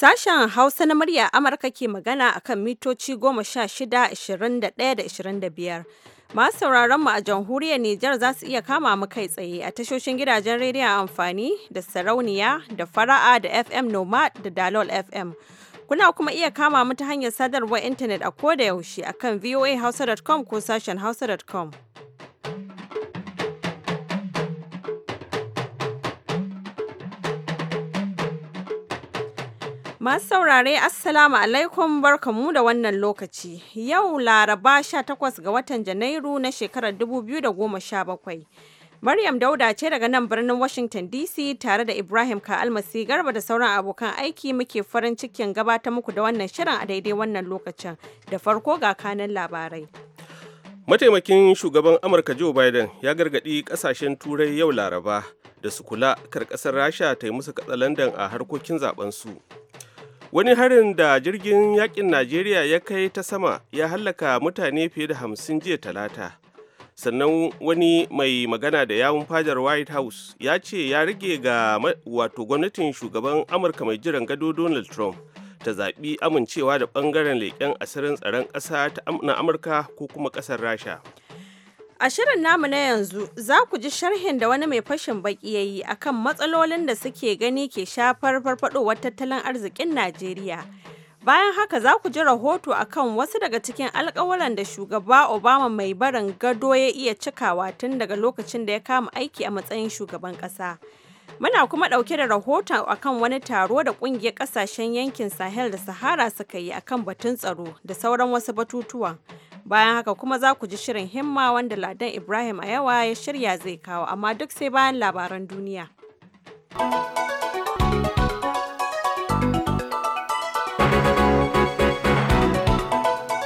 Sashen Hausa na murya Amurka ke magana a kan mitoci 16, 21 da biyar Masu sauraron mu a jamhuriyar Nijar za su iya kama mu kai tsaye a tashoshin gidajen rediyon amfani da sarauniya da fara'a da FM noma da Dalol FM. Kuna kuma iya kama mu ta hanyar sadarwar intanet a koda yaushe a kan voahausa.com ko sashen hausa.com. Masu saurare Assalamu alaikum barkamu da wannan lokaci. Yau Laraba 18 ga watan Janairu na shekarar 2017. Maryam Dauda ce daga nan birnin Washington DC tare da Ibrahim Ka'almasi Garba da sauran abokan aiki muke farin cikin gabatar muku da wannan shirin a daidai wannan lokacin. Da farko ga kanan labarai. Mataimakin shugaban Amurka Joe Biden ya gargaɗi kasashen Turai yau Laraba da su kula kar ƙasar Rasha ta yi musu katsalandan a harkokin zaben su. wani harin da jirgin yakin najeriya ya kai ta sama ya hallaka mutane fiye da hamsin jiya talata sannan wani mai magana da yawun fadar white house ya ce ya rage ga wato gwamnatin shugaban amurka mai jiran gado donald trump ta zaɓi amincewa da ɓangaren leƙen asirin tsaron ƙasa na amurka ko kuma ƙasar rasha A shirin namu na yanzu za ku ji sharhin da wani mai fashin baki ya yi akan matsalolin da suke gani ke shafar farfadowar tattalin arzikin Najeriya. Bayan haka za ku ji rahoto akan wasu daga cikin alkawuran da shugaba Obama mai barin gado ya iya cikawa tun daga lokacin da ya kama aiki a matsayin shugaban ƙasa. Muna kuma ɗauke da rahoto akan wani taro da ƙungiyar ƙasashen yankin Sahel da Sahara suka yi akan batun tsaro da sauran wasu batutuwan. Bayan haka kuma za ku ji shirin himma wanda Ladan Ibrahim a yawa ya shirya zai kawo amma duk sai bayan labaran duniya.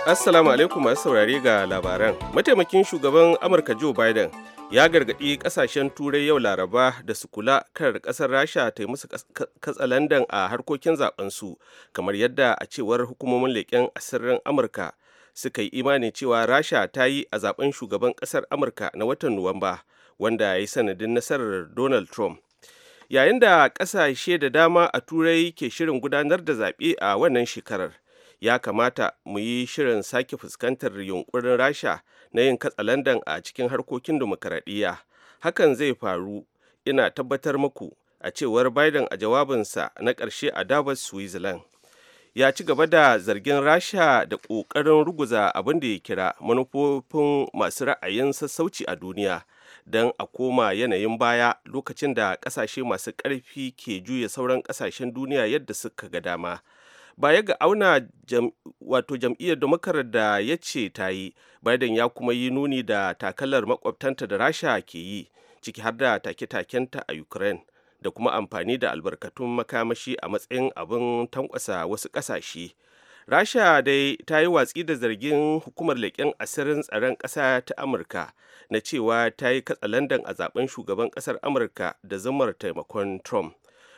Assalamu alaikum masu saurari ga labaran. Mataimakin shugaban Amurka Joe Biden ya gargaɗi ƙasashen turai yau laraba da su kula kar ƙasar rasha ta yi musu katsalandan a harkokin zaɓensu kamar yadda a cewar hukumomin leƙen asirin amurka suka yi imanin cewa rasha ta yi a zaben shugaban ƙasar amurka na watan nuwamba wanda ya yi sanadin nasarar donald trump yayin da ƙasashe da dama a turai ke shirin gudanar da zaɓe a wannan shekarar ya kamata mu yi shirin sake fuskantar yunkurin rasha na yin katsa katsalandan a cikin harkokin dimokuraɗiyya hakan zai faru ina tabbatar muku a cewar biden a jawabinsa na ƙarshe a davos switzerland ya ci gaba da zargin rasha da ƙoƙarin ruguza abin da ya kira manufofin masu ra'ayin sassauci a duniya don a koma yanayin baya lokacin da ƙasashe masu ƙarfi ke juya sauran ƙasashen duniya yadda suka ga dama baya ga auna wato jam'iyyar damakar da ya ce ta yi biden ya kuma yi nuni da takalar makwabtanta da rasha ke yi ciki har da take-takenta a ukraine da kuma amfani da albarkatun makamashi a matsayin abin tankwasa wasu ƙasashe rasha dai ta yi watsi da zargin hukumar leƙen asirin tsaron ƙasa ta amurka na cewa ta yi katsalandan a zaben shugaban ƙasar amurka da zamar taimakon trump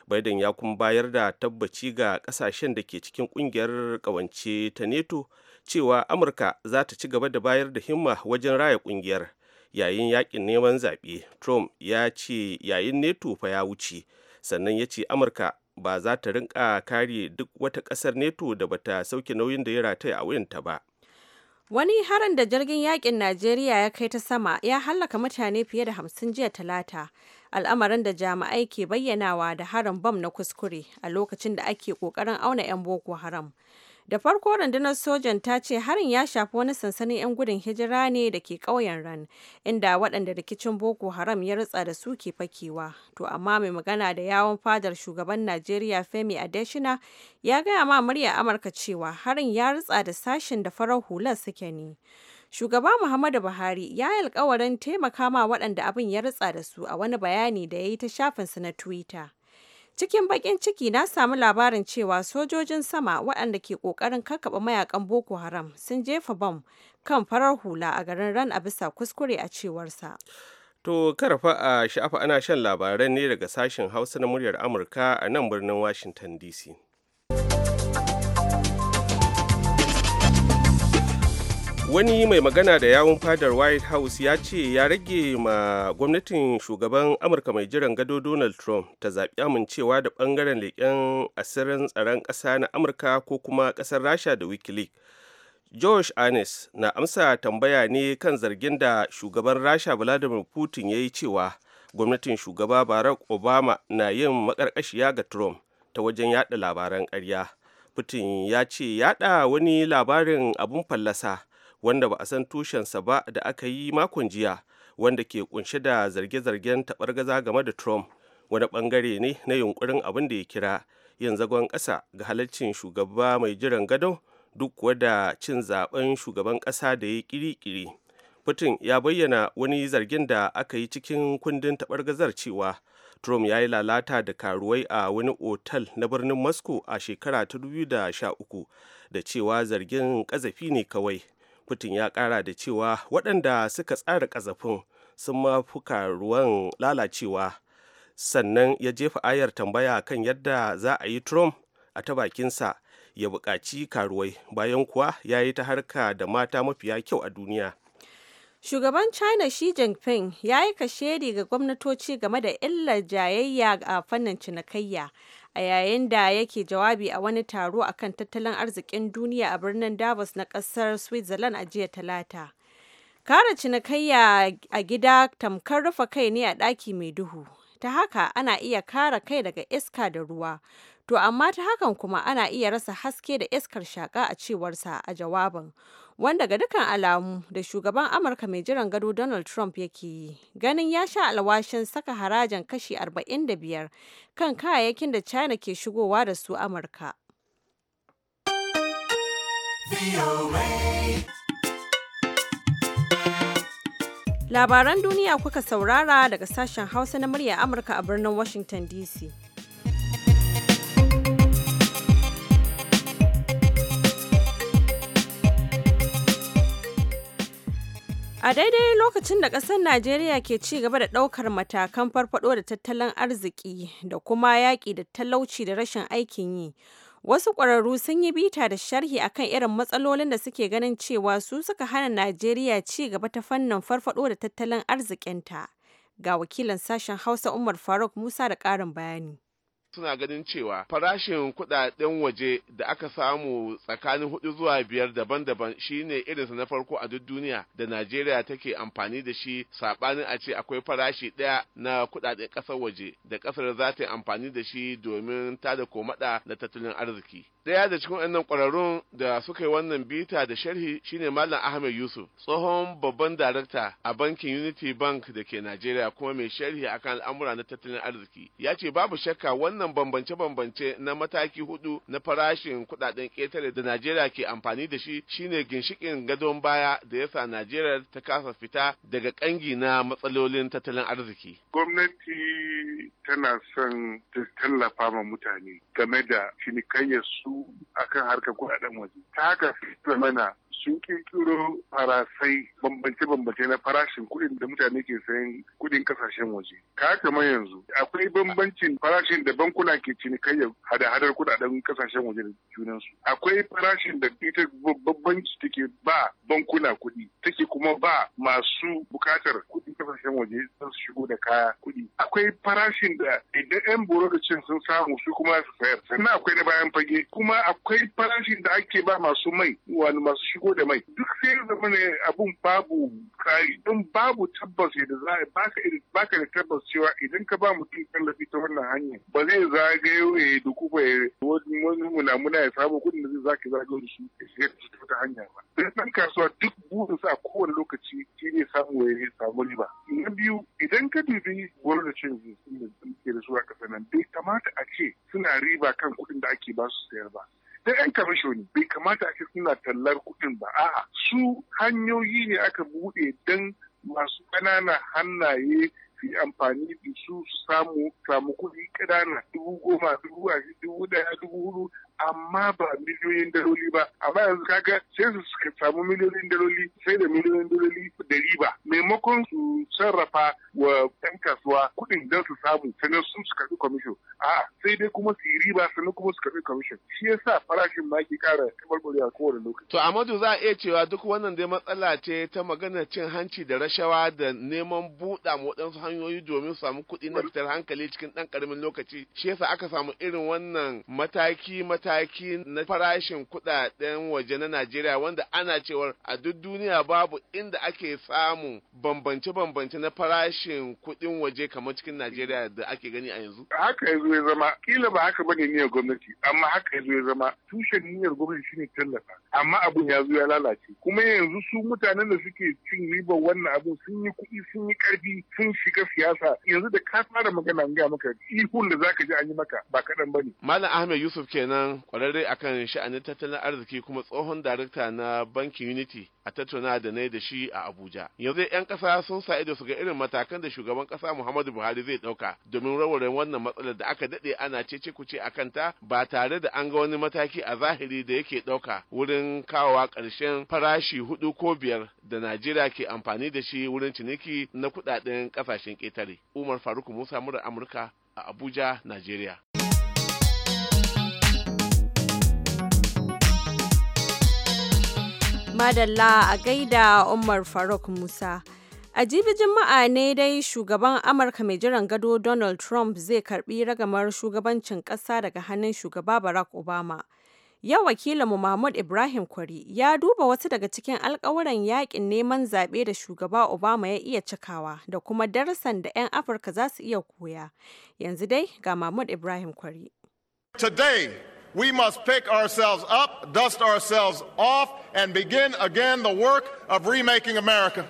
biden ya kuma bayar da tabbaci ga ƙasashen da ke cikin ƙungiyar ƙawance ta neto cewa amurka za ta ci gaba da bayar da himma wajen raya ƙungiyar yayin yakin neman zaɓe trump ya ce yayin neto fa ya wuce sannan ya ce amurka ba za ta rinka kare duk wata ƙasar neto da bata sauke nauyin da ya rataya a wuyanta ba Wani harin da jirgin yakin Najeriya ya kai ta sama ya hallaka mutane fiye da hamsin jiya talata. Al'amarin da jami'ai ke bayyanawa da harin bam na kuskure a lokacin da ake kokarin auna 'yan Boko Haram. Da farko rundunar sojan ta ce harin ya shafi wani sansanin 'yan gudun hijira ne da ke ƙauyen Ran, inda waɗanda rikicin Boko Haram ya rutsa da su ke fakewa. To amma mai magana da yawon fadar shugaban Najeriya Femi Adeshina ya gaya ma murya Amurka cewa harin ya rutsa da sashen da farar hular suke ne. Shugaba Muhammadu Buhari ya yi alkawarin taimaka ma waɗanda abin ya ritsa da su a wani bayani da ya yi ta shafinsa na Twitter. Cikin bakin ciki na samu labarin cewa sojojin sama waɗanda ke ƙoƙarin kakkaɓe mayakan Boko Haram sun jefa bam kan farar hula a garin Ran a bisa kuskure a cewarsa. To karfa a sha'afa ana shan labaran ne daga sashen Hausa na muryar Amurka a nan birnin Washington DC. wani mai magana da yawun fadar white house ya ce ya rage ma gwamnatin shugaban amurka mai jiran gado donald trump ta zaɓi amincewa da ɓangaren leƙen asirin tsaron ƙasa na amurka ko kuma ƙasar rasha da wikileaks josh Anis na amsa tambaya ne kan zargin da shugaban rasha vladimir putin ya yi cewa gwamnatin shugaba barack obama na yin maƙarƙashiya ga trump ta wajen yada labaran ƙarya putin ya ce yada wani labarin abun fallasa wanda ba a san tushensa ba da aka yi makon jiya wanda ke kunshe da zarge-zargen gaza game da trump wani ɓangare ne na yunkurin abin da ya kira yin zagon ƙasa ga halaccin shugaba mai jiran gado duk kuwa da cin zaben shugaban ƙasa da ya kiri-kiri putin ya bayyana wani zargin da aka yi cikin kundin gazar cewa trump ya yi lalata da karuwai a wani otal na birnin moscow a shekara ta 2013 da cewa zargin ƙazafi ne kawai putin ya kara da cewa waɗanda suka tsara kazafin sun mafuka ruwan lalacewa sannan ya jefa ayar tambaya kan yadda za a yi trump a ta bakinsa ya buƙaci karuwai bayan kuwa ya yi ta harka da mata mafiya kyau a duniya Shugaban China Xi Jinping ya yi kashedi ga gwamnatoci game da illar jayayya a fannin cinikayya, a yayin da yake jawabi a wani taro akan tattalin arzikin duniya a birnin Davos na kasar Switzerland a jiya Talata. Kara cinikayya a gida tamkar rufe kai ne a ɗaki mai duhu. Ta haka ana iya kare kai daga iska da ruwa, To amma ta hakan kuma ana iya rasa haske da iskar shaka a cewarsa a jawabin. Wanda ga dukkan alamu da shugaban Amurka mai jiran gado Donald Trump yake yi, ganin ya sha alwashin saka harajin kashi 45 kan kayayyakin da China ke shigowa da su Amurka. Labaran duniya kuka saurara daga sashen Hausa na murya Amurka a birnin Washington DC. A daidai lokacin da ƙasar Najeriya ke ci gaba da ɗaukar matakan farfaɗo da tattalin arziki da kuma yaƙi da talauci da rashin aikin yi, wasu ƙwararru sun yi bita da sharhi akan irin matsalolin da suke ganin cewa su suka hana Najeriya ci gaba ta fannin farfaɗo da tattalin arzikinta. Ga wakilan sashen Hausa Umar Faruk Musa da ƙarin bayani. suna ganin cewa farashin kudaden waje da aka samu tsakanin hudu zuwa biyar daban-daban shine irinsa na farko a duk duniya da Najeriya take amfani da shi sabanin a ce akwai farashi ɗaya na kudaden ƙasar waje da ƙasar za ta yi amfani da shi domin tada komada na tattalin arziki. Daya da cikin wannan ƙwararrun da suka yi wannan bita da sharhi shine Malam Ahmed Yusuf, tsohon babban darakta a bankin Unity Bank da ke Najeriya kuma mai sharhi akan al'amura na tattalin arziki. Ya ce babu shakka wannan bambance-bambance na mataki hudu na farashin kuɗaɗen ƙetare da Najeriya ke amfani da shi shine ginshikin gadon baya da yasa Najeriya ta kasa fita daga kangi na matsalolin tattalin arziki. Gwamnati tana son ta tallafa ma mutane game da cinikayyar su akan harkar kudaden waje ta haka mana sun kirkiro farasai bambance-bambance na farashin kuɗin da mutane ke sayan kuɗin kasashen waje. Ka kama yanzu akwai bambancin farashin da bankuna ke cinikayyar hada-hadar kuɗaɗen kasashen waje da junansu. Akwai farashin da ita banki take ba bankuna kuɗi take kuma ba masu bukatar kuɗin kasashen waje sun shigo da kaya kuɗi. Akwai farashin da idan 'yan cin sun samu su kuma su sayar. Sannan akwai na bayan fage kuma akwai farashin da ake ba masu mai wani masu shigo shigo da mai duk sai zama ne abun babu tsari don babu tabbas yadda za a baka baka da tabbas cewa idan ka ba mutum tallafi ta wannan hanya ba zai zagayo ya duku ba wani munamuna ya samu kudin da zai zaka zagayo da shi ya shiga wata hanya ba da ɗan kasuwa duk burinsa a kowane lokaci shi ne samu ya samu riba na biyu idan ka dubi wani da ke da su a kasa nan bai kamata a ce suna riba kan kuɗin da ake ba su sayar ba da yan kamisho ne bai kamata a ake suna tallar kuɗin ba a'a su hanyoyi ne aka buɗe don masu ƙanana hannaye su amfani da su su samu samu kuɗi ƙanana dubu goma dubu ashirin dubu ɗaya dubu hudu amma ba miliyoyin daloli ba amma yanzu kaga sai su samu miliyoyin daloli sai da miliyoyin daloli da riba maimakon su sarrafa wa yan kasuwa kuɗin don su samu sannan sun su karɓi kwamishin a sai dai kuma su yi riba sannan kuma su karɓi kwamishin shi yasa farashin ma ke ƙara a kowane lokaci. to amadu za a iya cewa duk wannan dai matsala ce ta maganar cin hanci da rashawa da neman buɗa ma waɗansu hanyoyi domin samu kuɗi na fitar hankali cikin ɗan ƙaramin lokaci shi yasa aka samu irin wannan mataki mataki mataki na farashin kudaden waje na Najeriya wanda ana cewar a duk duniya babu inda ake samu bambance-bambance na farashin kudin waje kamar cikin Najeriya da ake gani a yanzu? Haka yanzu ya zama kila ba haka bane niyyar gwamnati amma haka yanzu ya zama tushen niyyar gwamnati shine tallafa amma abun ya zo ya lalace kuma yanzu su mutanen da suke cin riba wannan abun sun yi kuɗi sun yi ƙarfi sun shiga siyasa yanzu da ka fara magana ga maka ihun da zaka ji an yi maka ba kaɗan bane. Malam Ahmed Yusuf kenan kwararre akan sha'anin tattalin arziki kuma tsohon darakta na bankin Unity a tattauna da na da shi a Abuja. Yanzu 'yan kasa sun sa ido su ga irin matakan da shugaban kasa Muhammadu Buhari zai ɗauka domin rawarin wannan matsalar da aka daɗe ana cece kuce a kanta ba tare da an ga wani mataki a zahiri da yake ɗauka wurin kawowa ƙarshen farashi hudu ko biyar da Najeriya ke amfani da shi wurin ciniki na kuɗaɗen ƙasashen ƙetare. Umar Faruk Musa Mura Amurka a Abuja, Najeriya. Madalla a gaida Umar Faruk Musa. A jibi jima'a ne dai shugaban Amurka mai jiran gado Donald Trump zai karbi ragamar shugabancin ƙasa daga hannun shugaba Barack Obama. Yau wakilinmu Mahmud Ibrahim Kwari ya duba wasu daga cikin alkawuran yakin neman zaɓe da shugaba Obama ya iya cikawa da kuma darasan da 'yan Afirka za su iya koya. Yanzu dai ga Mahmud Ibrahim Kwari. we must pick ourselves up, dust ourselves off, and begin again the work of remaking America.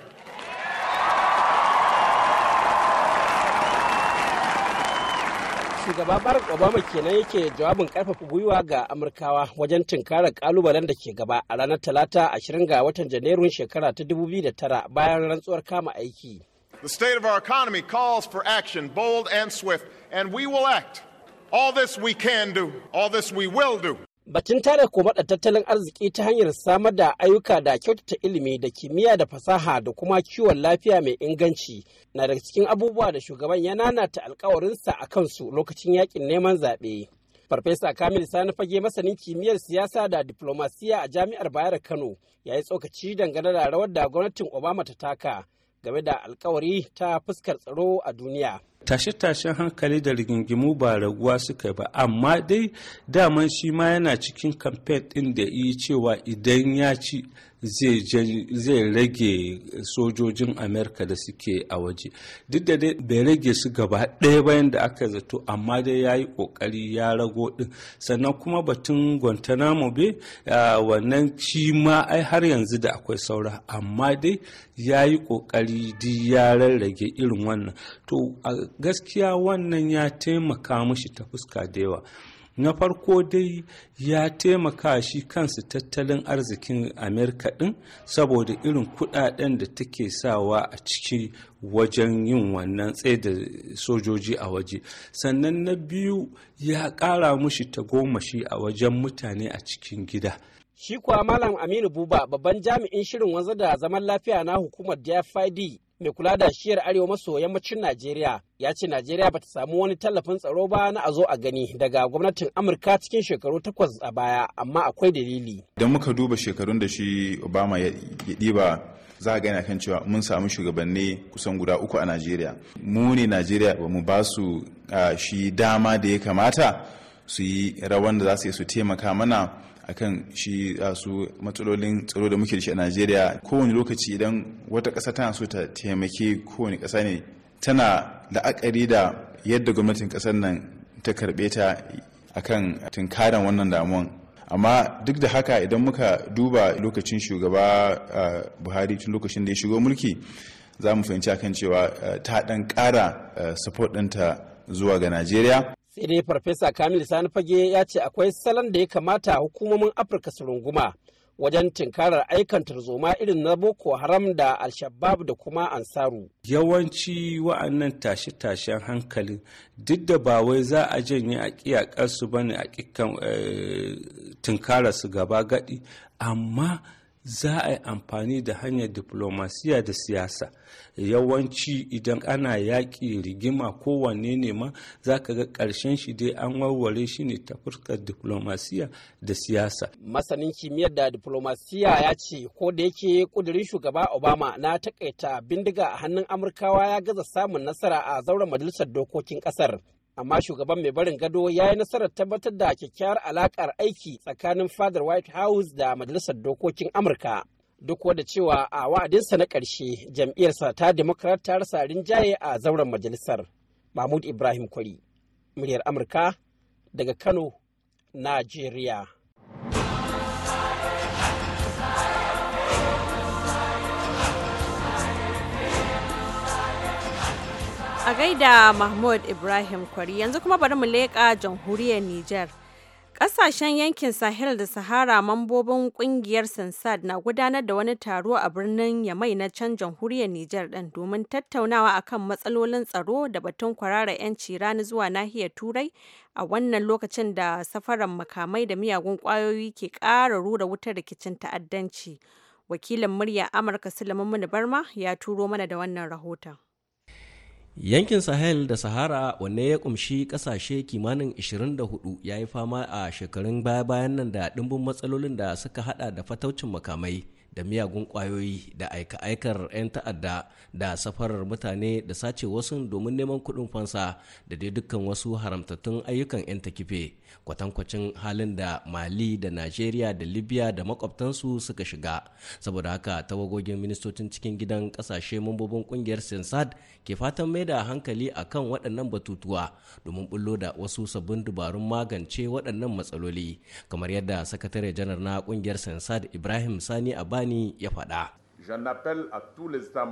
shugaba barack obama kenan yake jawabin karfafa gwiwa ga amurkawa wajen tunkarar kalubalen da ke gaba a ranar talata 20 ga watan janairun shekara ta 2009 bayan rantsuwar kama aiki the state of our economy calls for action bold and swift and we will act All this we can do, all this we will do. Bakin tare kuma da tattalin arziki ta hanyar samar da ayyuka da kyautata ilimi da kimiyya da fasaha da kuma kiwon lafiya mai inganci na daga cikin abubuwa da shugaban ya nanata alkawarinsa a kansu lokacin yakin neman zaɓe. Farfesa Kamil Sani fage masanin kimiyyar siyasa da diplomasiya a Jami'ar Bayar Kano ya yi tsokaci dangane da rawar da gwamnatin Obama ta taka game da alkawari ta fuskar tsaro a duniya. tashe-tashen hankali da rigingimu ba raguwa suka ba amma dai daman shi ma yana cikin kamfen ɗin da yi cewa idan ya ci zai rage sojojin amerika da suke a waje duk da bai rage su gaba ɗaya bayan da aka zato amma dai ya yi ƙoƙari ya rago ɗin sannan kuma batun guantanamo be wannan shi ma ai har yanzu da akwai saura amma dai ya yi ƙoƙari di ya rarrage irin wannan to gaskiya wannan ya taimaka mushi ta fuska da yawa na farko dai ya taimaka shi kansu tattalin arzikin amerika din saboda irin kudaden da take sawa a ciki wajen yin wannan tsaye da sojoji a waje sannan na biyu ya kara mushi tagomashi a wajen mutane a cikin gida shi kuwa malam aminu buba babban jami'in shirin wanzu da zaman lafiya na hukumar dfid mai kula da shiyar arewa maso yammacin najeriya ya ce najeriya bata samu wani tallafin tsaro ba na a zo a gani daga gwamnatin amurka cikin shekaru takwas a baya amma akwai dalili idan muka duba shekarun da shi obama ya ɗiba za a gani kan cewa mun samu shugabanni kusan guda uku a najeriya mu ne najeriya ba mu ba su shi dama da ya kamata su yi rawan da za su yi su taimaka mana akan shi su matsalolin tsaro da muke da shi a najeriya kowane lokaci idan wata ƙasa tana so ta taimaki kowane ƙasa ne tana la'akari da yadda gwamnatin ƙasar nan ta karɓe ta akan tunkaran wannan damuwan amma duk da haka idan muka duba lokacin shugaba buhari tun lokacin da ya shigo mulki za mu fahimci akan cewa ta ɗan ƙara support ɗinta zuwa ga najeriya sai dai farfesa kamil sani fage ya ce akwai salon da ya kamata hukumomin afirka su runguma wajen tinkarar aikan tarzoma irin na boko haram da alshabab da kuma ansaru yawanci wa'annan tashe-tashen hankali duk da ba wai za a janye a ƙiyakarsu ba ne a ƙikan eh, tinkararsu gaba gadi amma za a yi amfani da hanyar diplomasiya da siyasa yawanci idan ana yaƙi rigima kowanne ne ma za ka ga ƙarshen shi dai an warware shi ne ta fuskar diplomasiya da siyasa masanin kimiyyar da diplomasiya ya ce ko da yake ƙudirin shugaba obama na takaita bindiga a hannun amurkawa ya gaza samun nasara a zauren majalisar dokokin ƙasar amma shugaban mai barin gado ya yi nasarar tabbatar da kyakkyawar alakar aiki tsakanin fadar white house da majalisar dokokin amurka duk wadda cewa a wa'adinsa na ƙarshe jam'iyyarsa ta democrat ta rasa rinjaye a zauren majalisar mahmud ibrahim kwari muryar amurka daga kano najeriya A gaida Mahmud Ibrahim Kwari yanzu kuma bari mu leƙa jamhuriyar niger Ƙasashen yankin Sahel da Sahara mambobin ƙungiyar Sansad na gudanar da wani taro a birnin Yamai na can jamhuriyar Nijar ɗin domin tattaunawa akan matsalolin tsaro da batun kwarara 'yanci rani zuwa nahiyar Turai a wannan lokacin da safaran makamai da miyagun ƙwayoyi ke ƙara rura wutar rikicin ta'addanci. Wakilin murya Amurka Sulaiman Barma ya turo mana da wannan rahoton. yankin sahel da sahara wanne ya kumshi kasashe kimanin 24 ya yi fama a shekarun baya-bayan nan da ɗimbin matsalolin da suka hada da fataucin makamai da miyagun kwayoyi da aika-aikar 'yan ta'adda da safarar mutane da sace wasu domin neman kuɗin fansa da dai dukkan wasu haramtattun ayyukan 'yan kife. kwatankwacin halin da mali da nigeria da libya da makwabtansu suka shiga saboda haka tawagogin ministocin cikin gidan kasashe mambobin kungiyar sensad ke fatan mai da hankali a kan waɗannan batutuwa domin bullo da wasu sabbin dubarun magance waɗannan matsaloli kamar yadda sakatare janar na kungiyar sensad ibrahim sani abani ya faɗa J'en appelle à tous les États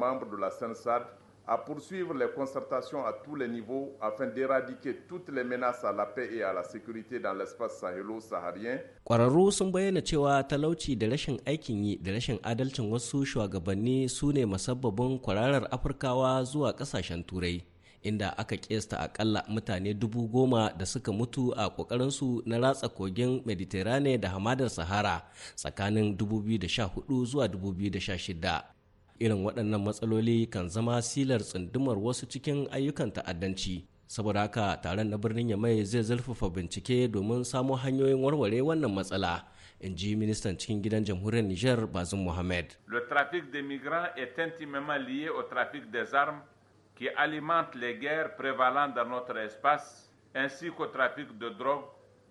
SENSAD à poursuivre les concertations à tous les niveaux afin d'éradiquer toutes les menaces à la paix et à la sécurité dans l'espace sahélo-saharien. Ƙwararru sun bayyana cewa talauci da rashin aikin yi da rashin adalcin wasu shugabanni su ne musabbabin kwararar Afirkawa zuwa ƙasashen Turai, inda aka ƙesta aƙalla mutane dubu goma da suka mutu a ƙoƙarinsu na ratsa kogin Mediterranean da hamadar Sahara tsakanin 2014 zuwa 2016. irin waɗannan matsaloli kan zama silar tsundumar wasu cikin ayyukan ta'addanci saboda haka taron na birnin ya mai zai zurfafa bincike domin samo hanyoyin warware wannan matsala in ji ministan cikin gidan jamhuriyar niger bazin mohamed le trafic de migrants est intimement lié au trafic des armes qui alimente les guerres prévalentes dans notre espace ainsi qu'au trafic de drogue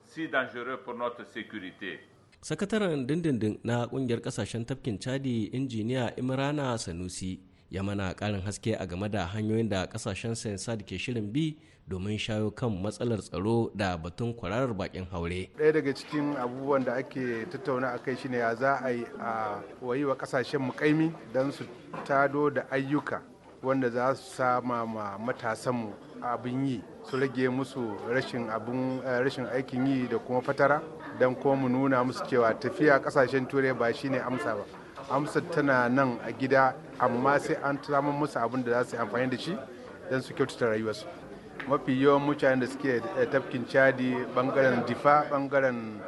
si dangereux pour notre sécurité sakataren dindindin na kungiyar kasashen tafkin chadi injiniya imrana sanusi ya mana karin haske a game da hanyoyin da kasashen sensad ke shirin bi domin shayo kan matsalar tsaro da batun kwararar bakin haure ɗaya daga cikin abubuwan da ake tattauna a kai shine ya za a yi a wayi wa kasashen mukaimi don su tado da ayyuka wanda za su sama ma matasanmu abin yi su rage musu rashin eh, aikin yi da kuma fatara don ko mu nuna musu cewa tafiya kasashen turai ba shine amsa ba amsa tana nan a gida amma sai an samun musu abin da za su amfani da shi don su kyautata rayuwarsu mafi yawan mutane da suke tafkin chadi bangaren difa bangaren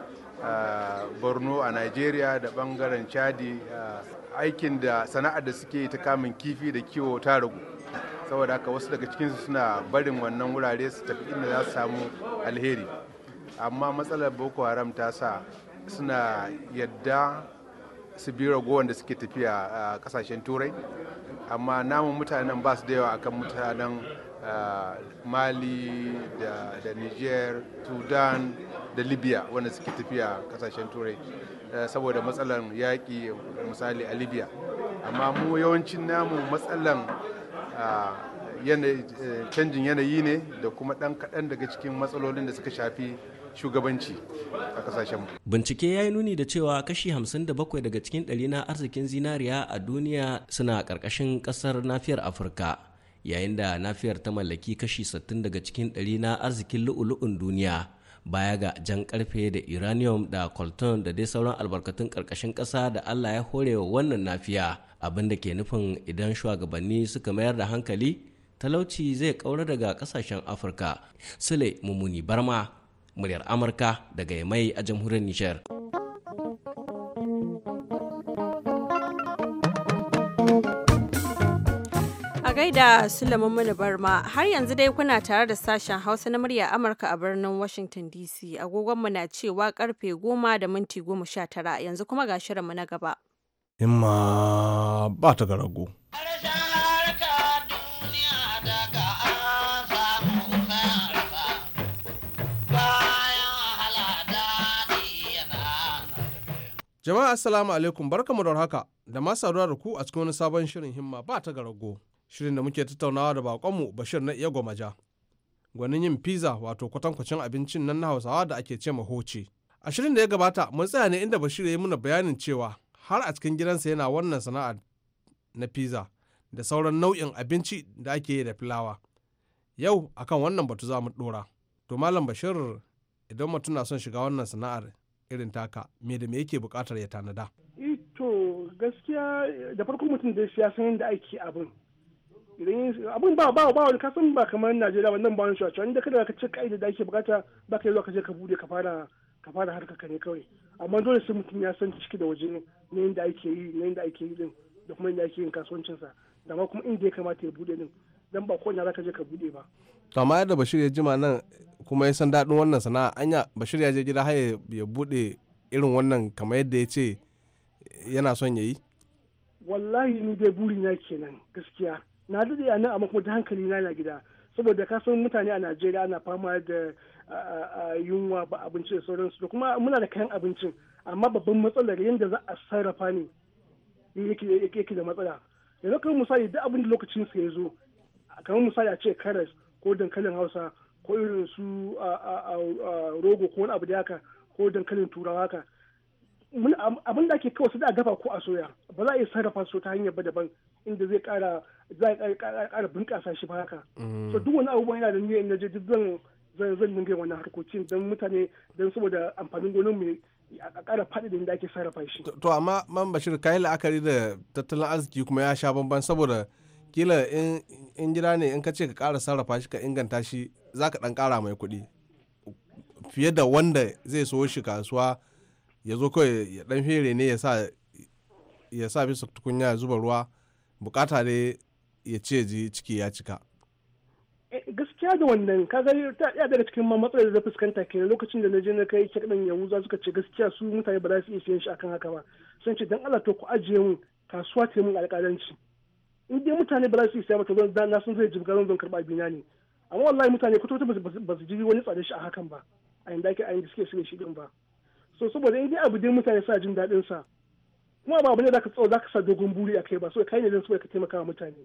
ah, borno a nigeria da bangaren chadi ah, aikin da sana'ar da suke ta kamun kifi da kiwo ta ragu saboda haka wasu daga cikinsu suna barin wannan wurare su tafi inda za su samu alheri amma matsalar boko haram ta sa suna yadda su bi ragowar da suke tafiya a kasashen turai amma namun mutanen ba su da yawa akan mutanen mali da, da niger sudan da libya wanda suke tafiya a kasashen turai saboda matsalar yaƙi misali a libya amma mu yawancin namu matsalan canjin yanayi ne da kuma ɗan kaɗan daga cikin matsalolin da suka shafi shugabanci a kasashen bincike ya yi nuni da cewa kashi 57 daga cikin ɗari na arzikin zinariya a duniya suna ƙarƙashin ƙasar nafiyar afirka yayin da nafiyar ta mallaki kashi 60 daga cikin ɗari na arzikin lu'ulu'un duniya baya ga jan karfe da uranium da colton da dai sauran albarkatun karkashin ƙasa da allah ya hore wa wannan nafiya abin da ke nufin idan shugabanni suka mayar da hankali talauci zai kaura daga ƙasashen afirka sule mummuni barma muryar amurka daga yamai a jamhuriyar nijar gaida Sulaiman Mani Barma har yanzu dai kuna tare da sashen Hausa na murya Amurka a birnin Washington DC agogonmu na cewa karfe goma da minti goma sha tara yanzu kuma ga shirinmu na gaba. Himma ba ta ga rago. Jama'a Assalamu alaikum barkamu da haka da ma saduwa da ku a cikin wani sabon shirin himma ba ta garago. Shirin da muke tattaunawa da bakonmu Bashir na iya gwamaja. Gwanin yin pizza wato kwatankwacin abincin nan na Hausawa da ake ce hoce. A shirin da ya gabata mun tsaya ne inda Bashir ya yi muna bayanin cewa har a cikin gidansa yana wannan sana'a na pizza da sauran nau'in abinci da ake yi da filawa. Yau akan wannan batu za mu dora. To Malam Bashir idan mutum na son shiga wannan sana'ar irin taka me da me yake bukatar ya tanada eh, to gaskiya da farko mutum da ya san yadda ake abin idan abin ba ba ba wani kasan ba kamar Najeriya wannan ba wani shi wanda kada ka ce kaida da ake bukata ba ka yi zuwa ka je ka bude ka fara ka harka ka ne kawai amma dole sai mutum ya san ciki da waje ne na yadda ake yi na yadda ake yi din da kuma yadda ake yin kasuwancinsa da ma kuma inda ya kamata ya bude din dan ba kowane za ka je ka bude ba to amma yadda Bashir ya jima nan kuma ya san daɗin wannan sana'a anya ba ya je gida har ya buɗe irin wannan kamar yadda ya ce yana son ya yi wallahi ni dai buri na kenan gaskiya na daɗe a nan amma kuma da hankali na gida saboda ka san mutane a najeriya ana fama da yunwa ba abinci da sauransu da kuma muna da kayan abincin amma babban matsalar yadda za a sarrafa ne eh, yake da matsala yanzu kamar misali duk abin da lokacin sa ya zo kamar misali a ce karas ko dankalin hausa ko irin su rogo ko wani abu da haka ko dankalin turawa haka abin da ke kawai su da dafa ko a soya ba za a iya sarrafa su ta hanyar ba daban inda zai kara za a kara bunkasa shi ba haka mm. so duk wani abubuwan yana da niyya na je duk zan zan zan dinga wannan harkokin don mutane don saboda amfanin gonan mu a kara faɗi da ake sarrafa shi. To amma man Bashir kayan la'akari da tattalin arziki kuma ya sha bamban saboda kila in gida ne in ka ce ka ƙara sarrafa shi ka inganta shi za ka ɗan ƙara mai kuɗi fiye da wanda zai so shi kasuwa ya zo kawai ya ɗan fere ne ya sa bisa tukunya ya zuba ruwa bukata ne ya ce ji ciki ya cika eh, gaskiya da wannan gani ta iya daga cikin ma matsalar da fuskanta ke lokacin da na je na kai kek ya yahuza suka ce gaskiya su mutane ba za su iya siyan shi akan haka ba sun ce dan Allah to ku ajiye mu kasuwa ce mun alƙalanci in dai mutane ba za su yi saya mata zan na sun zai jibga zan zan karɓa abina ne amma wallahi mutane kuta wata ba su jiri wani tsada shi a hakan ba a yanda ake a da suke su ne shi din ba so saboda in dai abu dai mutane suna jin daɗin sa kuma ba abu ne za ka tsawo za ka sa dogon buri a kai ba so kai ne zan so ka taimaka wa mutane.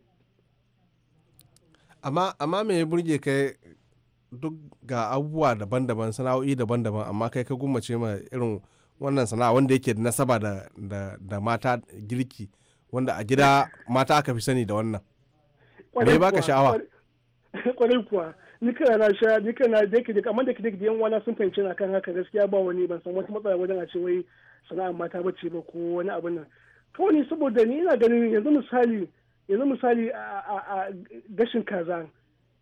amma amma me ya burge kai duk ga abubuwa daban-daban sana'o'i daban-daban amma kai ka gummace ma irin wannan sana'a wanda yake da nasaba da mata girki. wanda a gida mata aka fi sani da wannan me baka sha'awa kwarai kuwa ni kana na sha ni kana da kamar amma da kike yan wani sun fahimci na kan haka gaskiya ba wani ban san wata matsala wajen a ce wai sana'ar mata bace ba ko wani abin nan to ni saboda ni ina ganin yanzu misali yanzu misali a gashin kaza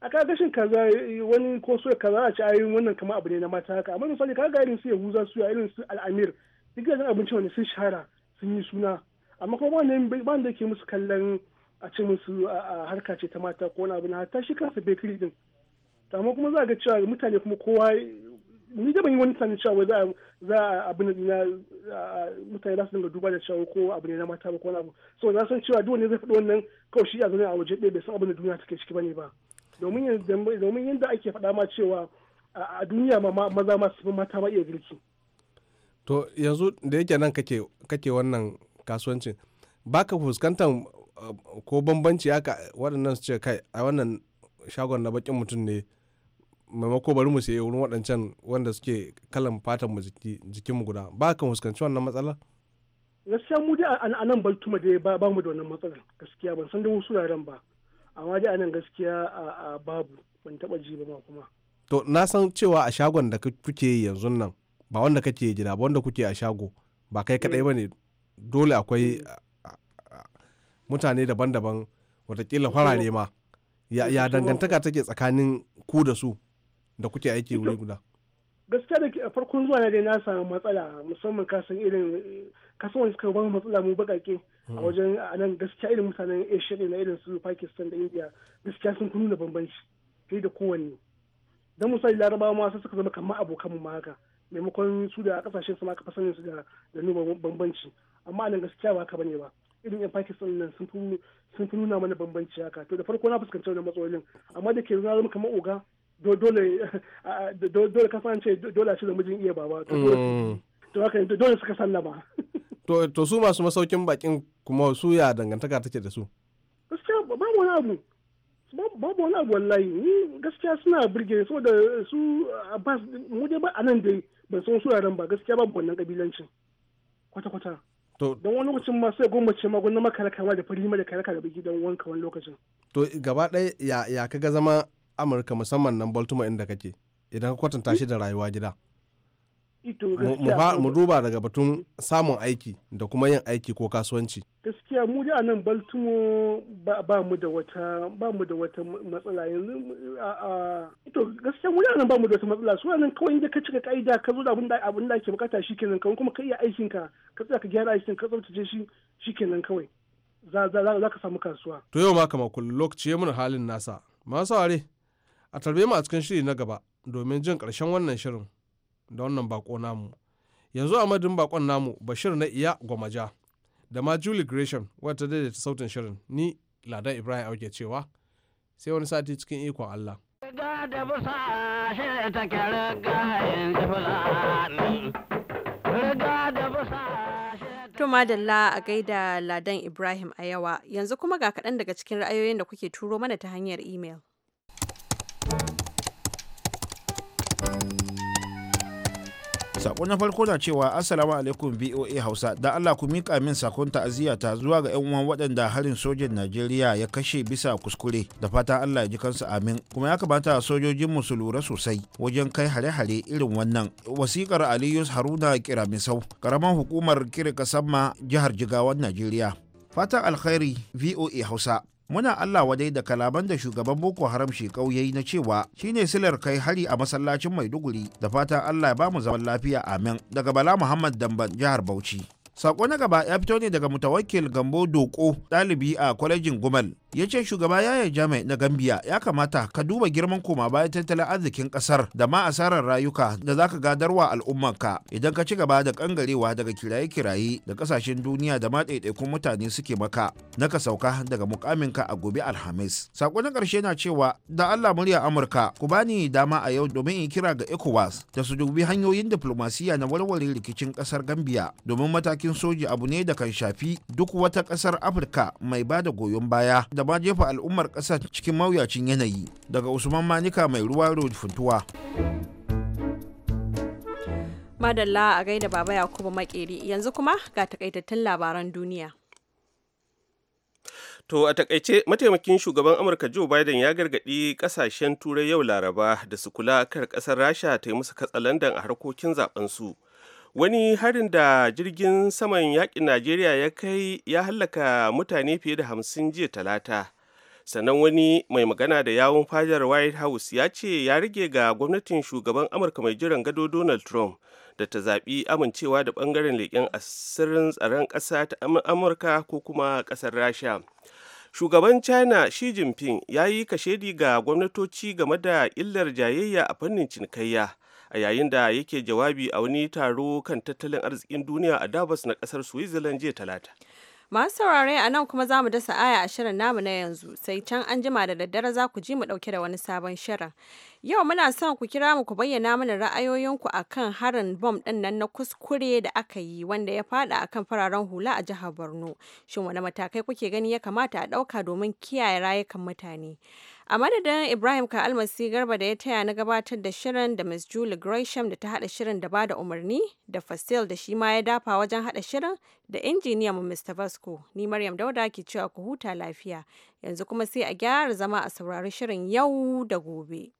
a ka gashin kaza wani ko soya kaza a ce ayoyin wannan kamar abu ne na mata haka amma misali ka ga irin su yahuza su irin su al'amir duk da abincin wani sun shahara sun yi suna amma kuma ba wanda yake musu kallon a ce musu a harka ce ta mata ko wani abu na hatta shi kansa bakery din amma kuma za ga cewa mutane kuma kowa ni da ban yi wani tunanin cewa za za abu na mutane za su dinga duba da cewa ko abu ne na mata ba ko wani abu so na san cewa duk wanda zai faɗi wannan kawai shi a zaune a waje ɗaya bai san abin da duniya take ciki bane ba domin domin yadda ake faɗa ma cewa a duniya ma maza ma mata ma iya girki to yanzu da yake nan kake kake wannan kasuwancin baka fuskantar uh, ko bambanci haka waɗannan su ce kai a wannan shagon na bakin mutum ne maimako bari mu sayi wurin waɗancan wanda suke kalan fatan mu jikinmu guda ba ka fuskanci wannan matsalar gaskiya mu dai a nan baltuma dai ba mu da wannan matsalar gaskiya ban san da wasu yaran ba amma dai a nan gaskiya a babu ban taba ji ba ma kuma to na san cewa a shagon da kuke yanzu nan ba wanda kake gida ba wanda kuke a shago ba kai kadai eh. bane dole akwai mutane daban-daban watakila farare ma ya dangantaka take tsakanin ku da su da kuke aiki wuri guda gaskiya da farkon zuwa na dai na samu matsala musamman kasan irin kasan wani suka bamu matsala mu bakake a hmm. wajen a nan gaskiya irin mutanen asia ne na irin su pakistan da india gaskiya sun kunu da bambanci fiye da kowanne don misali larabawa ma sai suka zama kamar abokan mu haka maimakon su da kasashen su ma ka sanin su da nuna bambanci amma nan gaskiya ba haka bane ba irin yan pakistan nan sun fi sun fi nuna mana bambanci haka to da farko na fuskanci wannan matsalolin amma da ke zama kamar oga dole dole kasance dole a shi da mijin iya baba to mm. haka dole suka sallama to su masu masaukin bakin kuma su ya dangantaka take da su gaskiya babu wani abu babu wani abu wallahi ni gaskiya suna birge da su abbas mu dai ba anan dai ban san su yaran ba gaskiya babu wannan kabilancin kwata-kwata don wani lokacin ma sai goma ce ma gwamnati makara kama da fari da kare da bigi don wanka wani lokacin to gaba ya ya kaga zama amurka musamman nan baltimore inda kake idan ka kwatanta shi da rayuwa gida mu duba daga batun samun aiki da kuma yin aiki ko kasuwanci gaskiya mu da nan baltimo ba mu da wata ba mu da wata matsala yanzu a to gaskiya mu da nan ba mu da wata matsala su nan kawai inda ka cika kaida ka zo da abin da abin da ke bukata shikenan kawai kuma ka iya aikin ka ka tsaya ka gyara aikin ka tsaftace shi shikenan kawai za za ka samu kasuwa to yau ma kamar kullum lokaci ya mun halin nasa ma are a tarbe mu a cikin shiri na gaba domin jin ƙarshen wannan shirin da wannan bako namu yanzu a madin bakon namu bashir na iya gwamaja da ma julie gresham wata daidaita sautin shirin ni ladan ibrahim auke cewa sai wani sati cikin ikon allah riga da To madalla a gaida Ladan Ibrahim a yawa yanzu kuma ga kaɗan daga cikin ra'ayoyin da kuke turo mana ta hanyar imel. sako na farko na cewa assalamu alaikum voa hausa da allah ku mika min sakon ta'aziyya ta zuwa ga 'yan uwan waɗanda harin sojin najeriya ya kashe bisa kuskure da fatan allah ya ji kansu amin kuma ya kamata sojojin su lura sosai wajen kai hare-hare irin wannan wasikar aliyus haruna kiramisau karamar hukumar kirka samma jihar jigawan najeriya fatan alkhairi voa hausa muna Allah wadai da kalaban da shugaban Boko Haram shi kauyayi na cewa shine silar kai hari a masallacin Maiduguri da fatan Allah ya ba mu zaman lafiya amin daga Bala Muhammad Damban jihar Bauchi Sako na gaba ya fito ne daga mutawakil Gambo Doko dalibi a kwalejin Gumal. Ya ce shugaba Yaya Jame na Gambia ya kamata ka duba girman koma bayan tattalin arzikin kasar da ma asarar rayuka da za ka gadarwa ka idan ka ci gaba da kangarewa daga kiraye-kiraye da kasashen duniya da ma ɗaiɗaikun mutane suke maka. Na ka sauka daga mukaminka a gobe Alhamis. Sako na karshe na cewa da Allah murya Amurka ku bani dama a yau domin in kira ga ECOWAS da su dubi hanyoyin diplomasiya na warware rikicin ƙasar Gambia domin matakin. matakin soji abu ne da kan shafi duk wata kasar afirka mai ba da goyon baya da ma jefa al'ummar kasar cikin mawuyacin yanayi daga usman manika mai ruwa road funtuwa madalla a gaida baba yakubu makeri yanzu kuma ga takaitattun labaran duniya To a takaice mataimakin shugaban Amurka Joe Biden ya gargadi kasashen turai yau Laraba da su kula kar kasar Rasha ta yi musu katsalandan a harkokin zaben su. wani harin da jirgin saman yakin najeriya ya kai ya hallaka mutane fiye da hamsin jiya talata sannan wani mai magana da yawon fadar white house ya ce ya rage ga gwamnatin shugaban amurka mai jiran gado donald trump da ta zaɓi amincewa da ɓangaren leƙen asirin tsaron ƙasa ta amurka ko kuma ƙasar rasha shugaban china xi jinping ya yi kashedi ga gwamnatoci game da illar jayayya a fannin cinikayya a yayin da yake jawabi a wani taro kan tattalin arzikin duniya a Davos na kasar Switzerland jiya talata. Masu saurare a nan kuma za mu dasa aya a shirin namu na yanzu sai can an jima da daddare za ku ji mu dauke da wani sabon shirin. Yau muna son ku kira mu ku bayyana mana ra'ayoyinku akan harin bom din nan na kuskure da aka yi wanda ya fada kan fararen hula a jihar Borno. Shin wani matakai kuke gani ya kamata a ɗauka domin kiyaye rayukan mutane? A madadin Ibrahim Ka'almasi Garba da ya taya na gabatar da shirin da Ms. Julie Gresham da ta hada shirin da bada umarni da Fasil da shi ma ya dafa wajen hada shirin da injiniyan mu Mr. Vasco. Ni Maryam Dauda ke cewa ku huta lafiya. Yanzu kuma sai a gyara zama a saurari shirin yau da gobe.